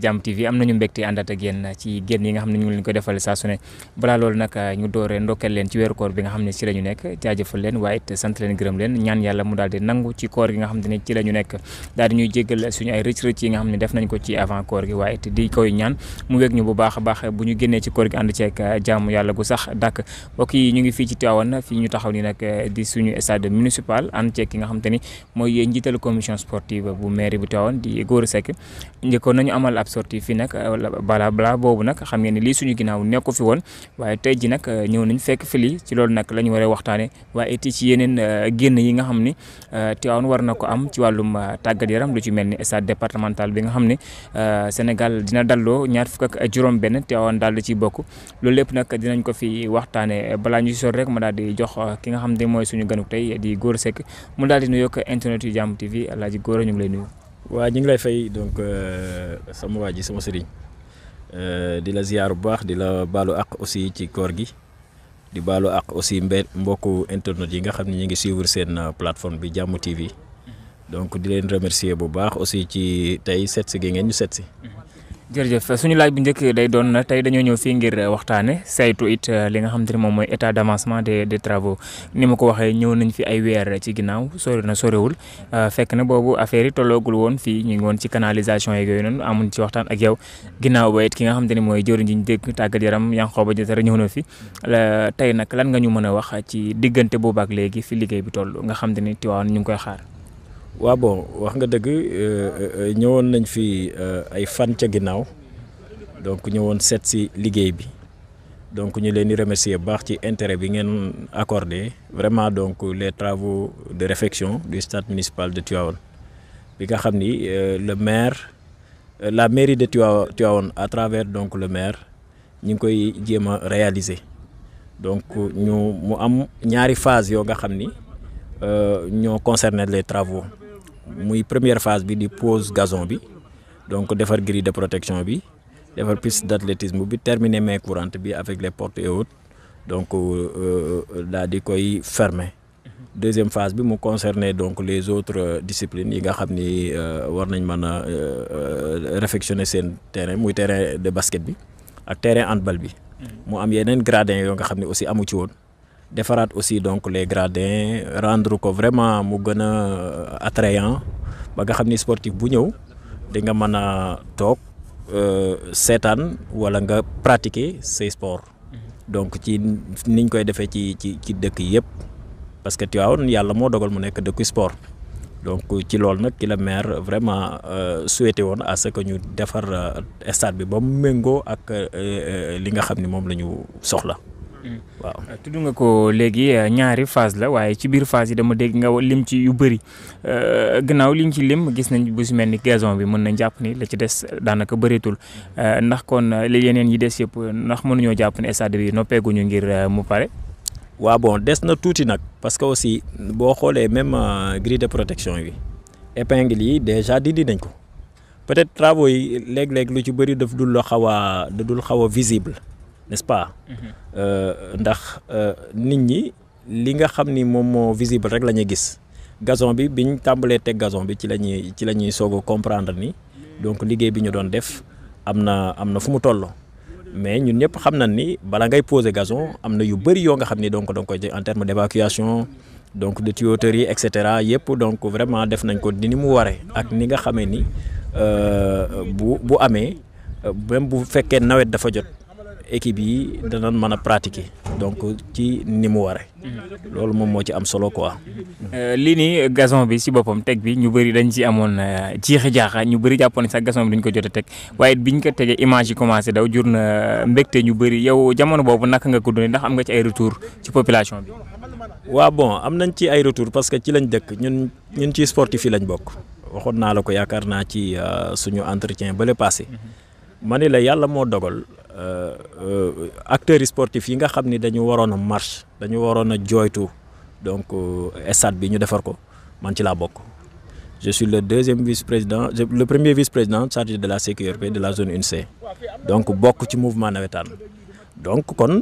Jàmm TV am nañu mbégte àndaat ak yéen ci génn yi nga xam ne ñu ngi leen ko defal saa su ne balaa loolu nag ñu dooree ndokkeel leen ci weeru koor bi nga xam ne ci la ñu nekk jaajëfal leen waaye it leen gërëm leen ñaan yàlla mu daal nangu ci koor gi nga xam ne ci la ñu nekk daal di ñuy jéggal suñu ay rëcc rëcc yi nga xam ne def nañ ko ci avant koor gi waaye di koy ñaan mu wég ñu bu baax a baax bu ñu génnee ci koor gi ànd ceeg jaamu yàlla gu sax dàkk mbokk yi ñu ngi fii ci Tivaouane fii ñu taxaw ni nag xam te ni mooy njiital commission bu mairie bu Tivaouane di Gora Seck sorti sortie fii nag euh, bala bala boobu nag xam ngeen ne lii suñu ginnaaw nekku fi woon waaye tey ji nag euh, ñëw nañ fekk fi lii ci loolu nag la ñu war a waxtaane waaye it ci yeneen euh, génn yi nga xam ni Tivaouane war na ko am ci wàllum tàggat yaram lu ci mel ni stade départemental bi nga xam ni Sénégal dina dalloo ñaar fukk juróom benn Tivaouane daal di ci bokk loolu lépp nag dinañ ko fi waxtaane balaa ñu sor rek ma daal di jox ki nga xam ne mooy suñu ganuk tey di Gora Seck mu daal di nuyoog internet yu Jàmm TV Alaaji Gora ñu ngi lay nuyu waa ñu ngi lay fay donc euh, sama waa ji sama sëriñ euh, di la ziar bu baax di la baalu àq aussi ci koor gi di baalu ak aussi mbe mbokku internet yi nga xam ne ñu ngi suivre seen euh, plateforme bi Jàmm TV mhm. donc di leen remercier bu baax aussi ci tey seet si gi ngeen ñu seet si. Mhm. jërëjëf suñu laaj bu njëkk day doon na tey dañoo ñëw fii ngir waxtaane saytu it uh, li nga xam ne moom mooy état d' avancement des des travaux ni ma ko waxee ñëw nañ fi ay weer ci ginnaaw sori na soriwul uh, fekk na boobu affaire yi tolloogul woon fii ñu ngi woon ci canalisation yeeg yooyu noonu amuñ ci waxtaan ak yow ginnaaw ba it ki nga xam te ne mooy jëriñ ji ñu dégg tàggat yaram Yankhoba Diattara ñëw na fi tey nag lan nga ñu mën a wax ci diggante boobu ak léegi fi liggéey bi toll nga xam te ne Tivaouane ñu ngi koy xaar waa bon wax nga dëgg euh, euh, euh, ñëwoon nañ fi ay fan ca ginnaaw donc ñëwoon seet si liggéey bi donc ñu leen di remercier baax ci intérêt bi ngeen accordé vraiment donc les travaux de réfection du stade municipal de Tivaouane bi nga xam ni le maire la mairie de Tivaouane à travers donc le maire ñu ngi koy jéem a réaliser donc ñu mu am ñaari phase yoo nga xam ni ñoo concerné les travaux muy première phase bi di pose gazon bi donc defar grille de protection bi defar piste d' athlétisme bi terminer main courante bi avec les portes et autres donc euh, euh, euh, daal di koy fermé deuxième phase bi mu concerner donc les autres disciplines yi nga xam ni war nañ mën a réfectionner seen terrain muy terrain de basket bi ak terrain handball bi mu am yeneen gradin yoo nga xam ne aussi amu ci woon defaraat aussi donc les gradins rendre ko vraiment mu gën a euh, attrayant ba nga xam ni sportif bu ñëw di nga mën a toog euh, seetaan wala nga pratiquer say sport mhm. donc ci niñ koy defee ci ci ci dëkk yëpp parce que Tivaouane yàlla moo dogal mu nekk dëkku sport donc ci loolu nag ki la maire vraiment euh, woon à ce que ñu defar stade bi ba mu méngoo ak li nga xam ni moom la ñu soxla. Mm. waaw euh, tudd nga ko léegi euh, ñaari phase la waaye ci biir phase yi dama dégg nga lim ci yu bëri euh, gannaaw liñ ci lim gis nañ bu si mel ni gazon bi mën nañ jàpp ni la ci des daanaka bëreetul ndax kon li yeneen yi des yëpp ndax nañoo jàpp ne stade bi noppeeguñu ngir mu pare. waa bon des na tuuti nag parce que aussi boo xoolee même grille de protection yi épingle yi déjà dindi nañ ko peut-être travaux yi léeg-léeg lu ci bëri daf dul la xaw a dul xaw a visible. n'est-ce pas. Mhm. Euh, ndax euh, nit ñi li nga xam ni moom moo visible rek la ñuy gis gazon bi bi ñu tàmbalee teg gazon bi ci la ñuy ci la ñuy soog a comprendre ni donc liggéey bi ñu doon def am na am na fu mu toll. mais ñun ñëpp xam nañ ni bala ngay poser gazon am na yu bëri yoo nga xam ni donc donc nga koy en terme d'évacuation donc de tuyauterie et cetera yëpp donc vraiment def nañ ko ni mu waree ak ni nga xamee ni euh, bu bu amee même bu fekkee nawet dafa jot. équipe yi danañ man a pratiquer donc ci ni mu waree. loolu moom moo ci am solo quoi. Euh, lii nii gason bi si boppam teg bi ñu bëri dañ ci amoon euh, jiixi jaaxa ñu bëri jàppoon sax gason bi duñ ko jot a teg waaye biñ ko tegee image yi commencé daw jur na euh, mbégte ñu bëri yow jamono boobu naka nga ko dundee ndax am nga ci ay retour ci population bi. waaw bon am nañ ci ay retour parce que ci lañ dëkk ñun ñun ci sportif yi lañ bokk. waxoon naa la ko yaakaar naa ci suñu entretien ba le passé. Mm-hmm. Euh, euh, acteurs sportifs yi nga xam ni dañu waroon a marche dañu waroon a jooytu donc euh, stade bi ñu defar ko man ci laa bokk je suis le deuxième vice-président le premier vice-président chargé de la sécurité de la zone 1C donc bokk ci mouvement nawetaan donc kon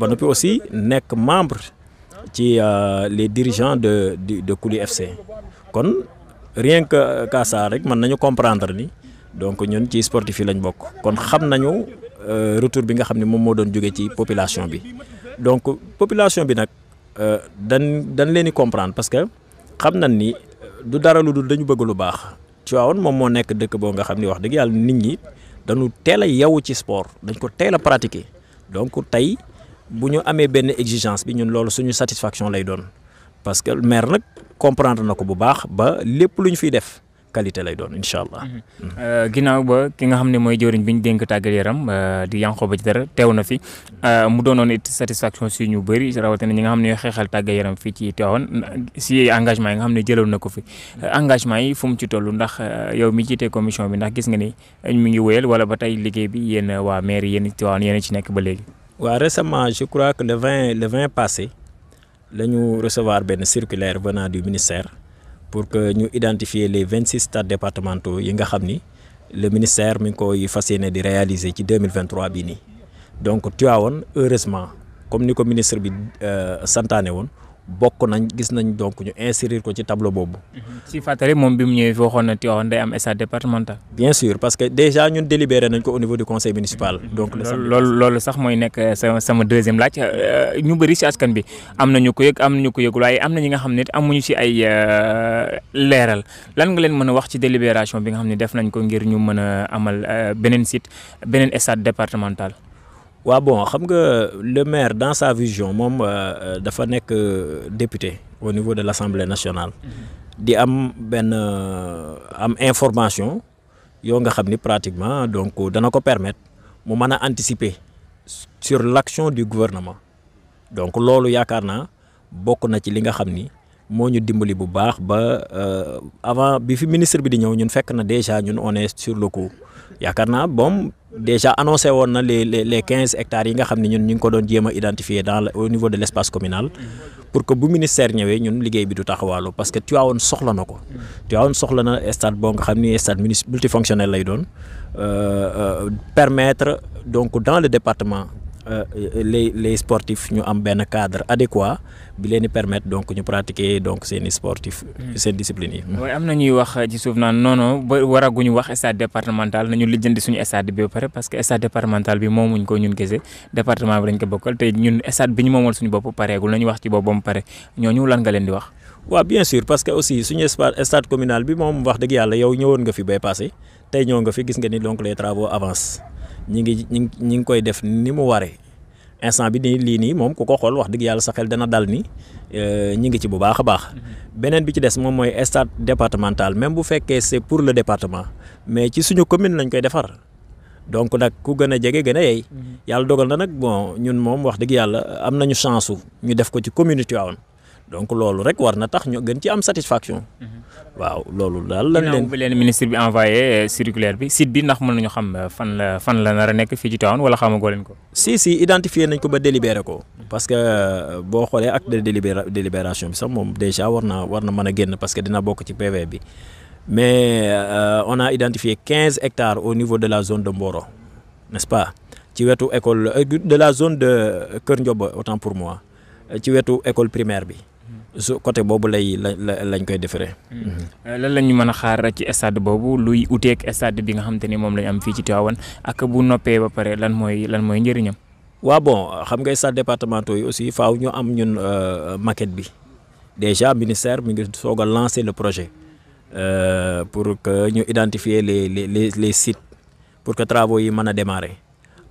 ba noppi aussi nekk membre ci les dirigeants de de Kouly FC kon rien que ça rek mën nañu comprendre ni donc ñun ci sportif yi lañ bokk kon xam nañu Euh, retour bi nga xam ne moom moo doon jóge ci population bi donc population bi nag euh, dan dañ leen di comprendre parce que xam nañ ni euh, du dara lu dul dañu bëgg lu baax ci Tivaouane moom moo nekk dëkk boo nga xam ni wax dëgg yàlla nit ñi danu teel a yeewu ci sport dañ ko teel a pratiquer donc tey bu ñu amee benn exigence bi ñun loolu suñu satisfaction lay doon parce que maire nag comprendre na ko bu baax ba lépp lu ñu fiy def. qualité lay doon incha allah. Mhm. Euh, ginnaaw ba ki nga xam ne mooy jëwriñ bi ñu dénk tàggat yaram euh, di Yankhoba Diattara teew na fi euh, mu doonoon it satisfaction si ñu bëri rawatina ñi nga xam ne ñooy xeexal tàggat yi nga xam ne jëloon na ko fi. engagement yi fu mu ci toll ndax yow mi jiite commission bi ndax gis nga ni mi ngi wéyal wala ba tey liggéey bi yéen waa maire yéen Tivaouane yéen ci nekk ba léegi. waaw récemment je crois que le passé la recevoir benn circulaire venant du ministère. pour que ñu identifier les vingt six stades départementaux yi nga xam ni le ministère mi ngi koy fas yéene di réaliser ci deux mille vingt trois nii donc Tivaouane heureusement comme ni ko ministre bi euh, santaane woon. bokk nañ gis nañ donc ñu insérer ko ci tableau boobu. Mhm. si fàttali moom bi mu ñëwee waxoon na Tivaouane day am stade départemental. bien sûr parce que déjà ñun délibéré nañ ko au niveau du conseil municipal. Mhm. donc loolu loolu sax mooy nekk euh, sama sama deuxième laaj euh, ñu bëri si askan bi am nañu ko yëg am nañu ñu ko yëgul waaye am na ñu nga xam ne amuñu si ay euh, leeral lan nga leen mën a wax ci délibération bi nga xam ne def nañ ko ngir ñu mën a amal beneen site beneen stade départemental. waa bon xam nga le maire dans sa vision moom euh, euh, dafa nekk euh, député au niveau de l'Assemblée nationale mm-hmm. di am benn am information yoo nga xam ni pratiquement donc dana ko permettre mu mën a anticiper sur l'action du gouvernement donc loolu yaakaar naa bokk na ci li nga xam ni moo ñu dimbali bu baax ba avant bi fi ministre bi di ñëw ñun fekk na déjà ñun on sur le coup yaakaar naa moom déjà annoncé woon na les les les quinze hectares yi nga xam ne ñun ñu ngi ko doon jéem a identifier dans au niveau de l' espace communal pour que bu ministère ñëwee ñun liggéey bi du taxawaalu parce que Tivaouane soxla na ko. Tivaouane soxla na stade boo nga xam ni stade multifonctionnel lay doon euh, euh, permettre donc dans le département. Euh, les les ñu am benn cadre adéquat bi leen di permettre donc ñu pratiquer donc hmm. seen i sportif seen discipline yi. mooy am na ñuy wax ci suuf naan non non ba waraguñu wax stade départemental nañu lijjanti suñu stade bi ba pare parce que stade départemental bi moomuñ ko ñun kese département bi dañ ko bokkal te ñun stade bi ñu moomal suñu bopp pareegul nañu wax ci boppam pare ñooñu lan nga leen di wax. waaw bien sûr parce que aussi suñu stade communal bi moom wax yàlla yow ñëwoon nga fi bay passé tey ni donc les ñu ngi ñi ngi ñi ngi koy def ni mu waree instant bi nii lii nii moom ku ko xool wax dëgg yàlla sa xel dana dal ni euh, ñu ngi ci bu baax a baax. Mhm. beneen bi ci des moom mooy stade départemental même bu fekkee c'est pour le département mais ci suñu commune lañ koy defar. donc nag ku gën a jege gën a yey. Mhm. yàlla dogal na nag bon ñun moom wax dëgg yàlla am nañu chance ñu def ko ci commune Tivaouane donc loolu rek war na tax ñu gën ci am satisfaction. Mhm. waaw loolu daal lan leen bi ministre bi envoyé euh, circulaire bi site bi ndax mën nañu xam euh, fan la fan la nar nekk fii ci Tivaouane wala xamagoo leen ko. si si identifié nañ ko ba délibéré ko. parce que euh, boo xoolee ak de délibération bi sax moom déjà war na war na mën a génn parce que dina bokk ci PV bi mais euh, on a identifié quinze hectares au niveau de la zone de Mboro n'est-ce pas ci wetu école de la zone de Kër Ndiob autant pour moi ci wetu école primaire bi. su côté boobu lay la lañ koy defaree. Mm-hmm. Euh, lan la ñu mën a xaar ci stade boobu luy uteeg stade bi nga xam ni moom lañ am fii ci Tivaouane ak bu noppee ba pare lan mooy lan mooy njëriñam. waa bon xam nga stade départementaux yi aussi faaw ñu am ñun euh, maquette bi déjà ministère mi ngi soog a lancer le projet euh, pour que ñu identifier les les les sites pour que travaux yi mën a démarrer.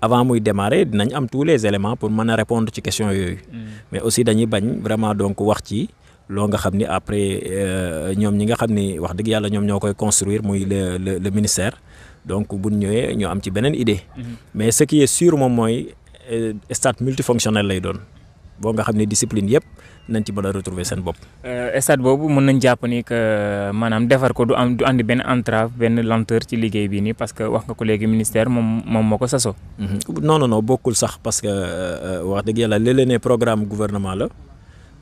avant muy démarrer dinañ am tous les éléments pour mën a répondre ci questions yooyu. Mm. mais aussi dañuy bañ vraiment donc wax ci loo nga xam ni après euh, ñoom ñi nga xam ni wax dëgg yàlla ñoom ñoo koy construire muy le le ministère donc buñ ñëwee ñoo am ci beneen idée. Mm-hmm. mais ce qui est sûr moom mooy euh, stade multifonctionnel lay doon. boo nga xam ne discipline yëpp nañ ci mën a retrouver seen bopp. Euh, stade boobu mën nañ jàpp ni que euh, maanaam defar ko du am du andi benn entrave benn lenteur ci liggéey bii nii parce que wax nga ko léegi ministère moom moom moo ko sasoo. Mm-hmm. non no non bokkul sax parce que euh, wax dëgg yàlla léeg-léeg programme gouvernement la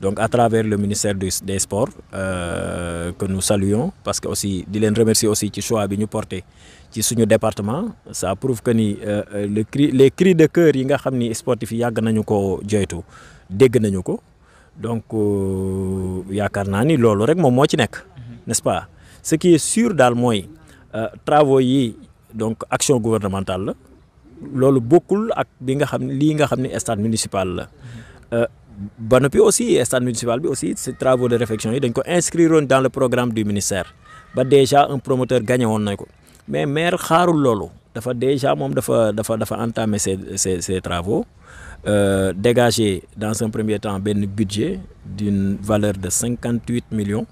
donc à travers le ministère des sports euh, que nous saluons parce que aussi di leen remercier aussi ci choix bi ñu porté ci suñu département ça prouve que ni euh, le cri les cris de cœur yi nga xam ni sportif yi yàgg nañu ko joytu dégg nañu ko donc euh, yaakaar naa ni loolu rek moom moo ci nekk mhm. n'est-ce pas ce qui est sûr daal mooy euh, travaux yi donc action gouvernementale la loolu bokkul ak bi nga xam ne lii nga xam ne stade municipal la mhm. euh, ba noppi aussi stade municipal bi aussi ces travaux de réfection yi dañ ko inscrire dans le programme du ministère ba déjà un promoteur gagné woon na ko mais maire xaarul loolu dafa déjà moom dafa dafa dafa entamer ses ses ses euh, dans en premier temps benn budget d'une valeur de cinquante huit millions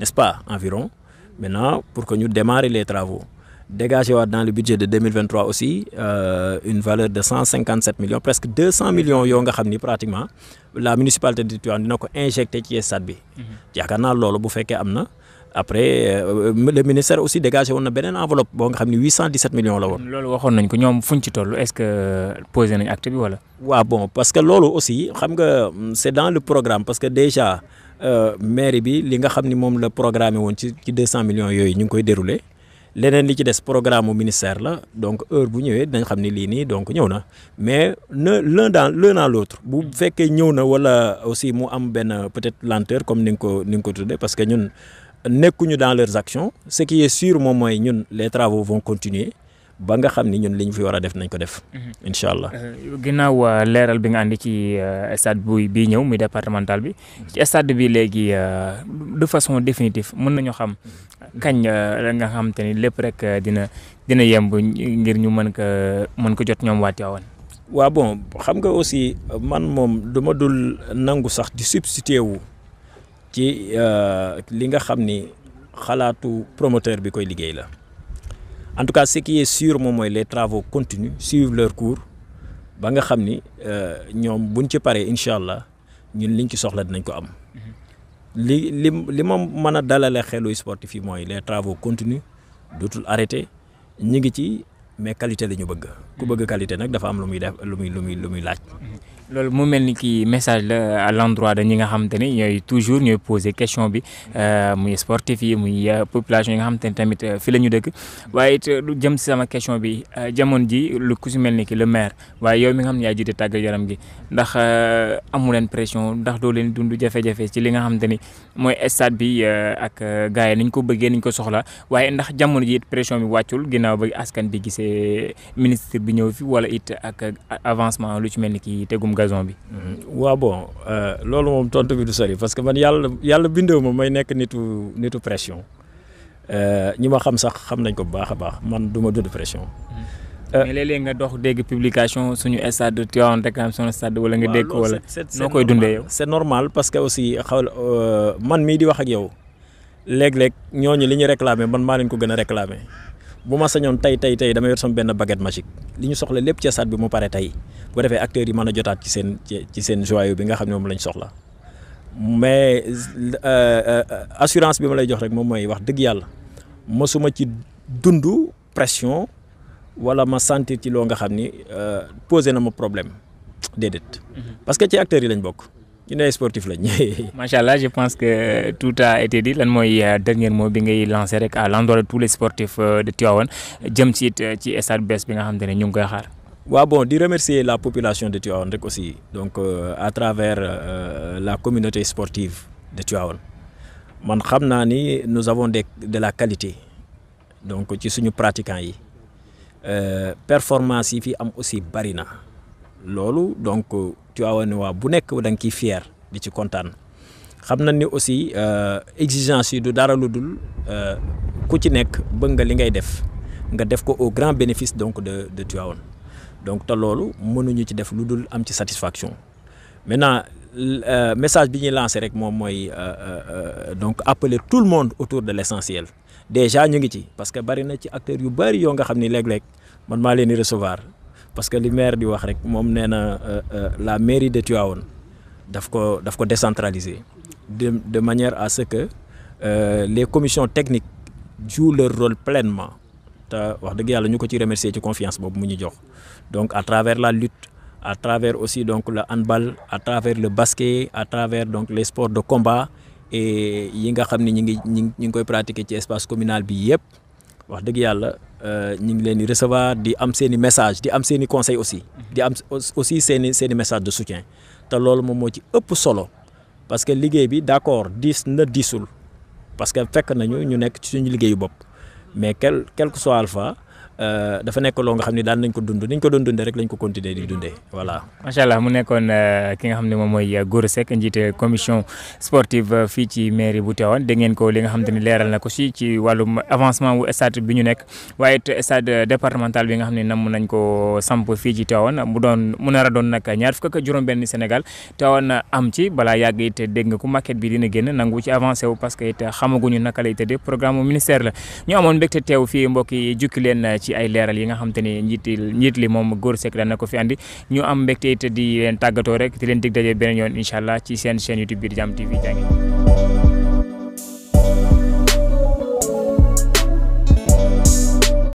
n'est-ce pas environ maintenant pour que ñu démarrer le travaux dégager waat dans le budget de deux mille vingt trois aussi euh, une valeur de cent cinquante sept millions presque deux cent millions yoo nga xam ni pratiquement la municipalité de Tivaouane dina ko injecté ci stade bi. Mhm. yaakaar naa loolu bu fekkee am na. après euh, euh, le ministère aussi dégagé woon na beneen enveloppe boo nga xam ne 817 millions la woon. loolu waxoon nañ ko ñoom fuñ ci toll est-ce que posé nañ acte bi waaw bon parce que loolu aussi xam nga c'est dans le programme parce que déjà euh, mairie bi li nga xam ni moom la programme woon ci ci 200 millions yooyu ñu ngi koy déroulé. leneen li ci des programme mu ministère la donc heure bu ñëwee dañ xam ni lii nii donc ñëw na mais ne l'un dans l'un bu fekkee ñëw na wala aussi mu am benn peut-être lenteur comme ni nga ko ni nga ko tuddee parce que ñun. nekkuñu dans leurs actions ce qui est sûr moom mooy ñun les travaux vont continuer ba nga xam ni ñun lañu fi war a def nañ ko def. Mhm. incha allah. Euh, ginnaaw euh, leeral bi nga àndi ci euh, stade buy bii ñëw muy départemental bi mhm. ci stade bi léegi de façon définitive mën nañu xam mhm. kañ la nga xam ni lépp rek dina dina yemb ngir ñu mën ko mën ko jot ñoom waa Tivaouane. waa bon xam nga aussi man moom duma dul nangu sax di substituer wu. ci euh, li nga xam ni xalaatu promoteur bi koy liggéey la en tout cas ce qui est sûr moom mooy les travaux continuent suivent leur cours ba nga xam ni euh, ñoom buñ ci paree incha allah ñun liñ ci soxla dinañ ko am mhm. li li li ma mën a dalale xelu sportif yi mooy les travaux continuent dootul arrêté ñu ngi ci mais qualité la ñu bëgg ku bëgg qualité nag dafa am lu muy def lu muy lu muy lu muy laaj mhm. loolu mu mel ni kii message la à l'endroit de ñi nga xamante ni ñooy toujours ñooy poser question bi euh, muy sportif yi muy euh, population yi nga xamante ni tamit euh, fi la ñu dëkk waaye it lu jëm si sama question bi jamono ji lu ku si mel ni ki waaye yow mi nga xam ne yaa jiite tàggat yaram gi ndax amu leen pression ndax doo leen dund jafe-jafe li nga xamante ni mooy stade bi ak gars yi niñ ko bëggee niñ ko soxla waaye ndax jamono ji it pression bi wàccul ginnaaw ba askan bi gisee ministre bi ñëw fi wala it ak avancement lu ci mel ni ki tegum gazon bi. Mhm. waaw bon euh, loolu moom tontu bi du sori parce que man yàlla yàlla bindoo ma may nekk nitu nitu pression euh, ñu ma xam sax xam nañ ko bu baax a baax man du ma dund pression. Mhm. Euh, mais nga dox dégg publication suñu stade de Tivaouane rek wala nga dégg wala noo koy dundee yow. c'est parce que aussi xaw man mii di wax ak yow léeg-léeg ñooñu li ñu réclamé man maa lañ ko gën a réclamé bu ma sañoon tey tey tey dama yor sama benn bagget magique li ñu soxla lépp ci stade bi mu pare tey. bu defee acteurs yi mën a jotaat ci seen ci seen joyau bi nga xam ne moom lañ soxla mais euh, euh, assurance bi ma lay jox rek moom mooy wax dëgg yàlla mosuma ci dund pression wala ma santir ci loo nga xam ni euh, posé na ma problème déedéet. Mhm. parce que ci acteur yi lañ bokk. ñu ne sportif lañ. macha allah je pense que tout a été dit lan mooy dernier mot bi ngay lancé rek à l'endroit de tous les sportifs de Tivaouane jëm ci ci stade bees bi nga xam ne ñu ngi koy xaar. waa bon di remercier la population de Tivaouane rek aussi donc euh, à travers euh, la communauté sportive de Tivaouane man xam naa ni nous avons des de la qualité donc ci suñu pratiquants yi euh, performance yi fi am aussi bari na loolu donc Tivaouane waa bu nekk da nga ciy fier di ci kontaan xam na ni aussi euh, exigence yi du dara lu dul euh, ku ci nekk bëgg nga li ngay def nga def ko au grand bénéfice donc de de Tivaouane donc te loolu mënuñu ci def lu dul am ci satisfaction maintenant euh, message bi ñuy lancé rek moom mooy euh, euh, euh, donc appeler tout le monde autour de l' essentiel déjà ñu ngi ci parce que bari na ci acteur yu bari yoo nga xam ni léeg-léeg man maa leen di recevoir parce que li maire di wax rek moom nee na la mairie de Tivaouane daf ko daf ko décentraliser de de manière à ce que euh, les commissions techniques jouent leur rôle pleinement te wax dëgg yàlla ñu ko ci remercier ci confiance boobu mu ñu jox. donc à travers la lutte à travers aussi donc le handball à travers le basket à travers donc les sports de combat et yi nga xam ni ñi ngi ñi ngi koy pratiquer ci espace communal bi yëpp wax dëgg yàlla euh, ñi ngi leen di recevoir di am seen i message di am seen i conseil aussi di am aussi seen i seen i message de soutien te loolu moom moo ci ëpp solo parce que liggéey bi d'accord diis na diisul parce que fekk nañu ñu nekk ci suñu liggéeyu bopp mais quel quel que soit alpha Euh, dafa nekk loo nga xam ne daan nañ ko dund ni ñu ko doon dundee rek lañ ko continuer di dundee voilà. macha allah mu nekkoon euh, ki xam ne mooy euh, Gora njiite commission sportive fii ci mairie bu ko li nga xam te ne leeral na ko si ci wàllum avancement wu stade bi ñu nekk waaye it bi nga xam ne namm nañ ko samp fii ci Tivaouane mu doon mu nar doon nag ñaar fukk ak juróom-benn Sénégal Tivaouane am ci balaa yàgg it dégg nga ku maquette bi dina génn nangu ci avancé wu parce que it xamaguñu naka lay tëddee programme mu ministère la ñu amoon mbégte teew fii mbokk yi jukki ci ay leeral yi nga xam te ne njiiti njiit li moom góor sekk daan na ko fi andi ñu am mbégte it di leen tàggatoo rek di leen dig daje beneen yoon incha allah ci seen chaîne YouTube bi di Jam TV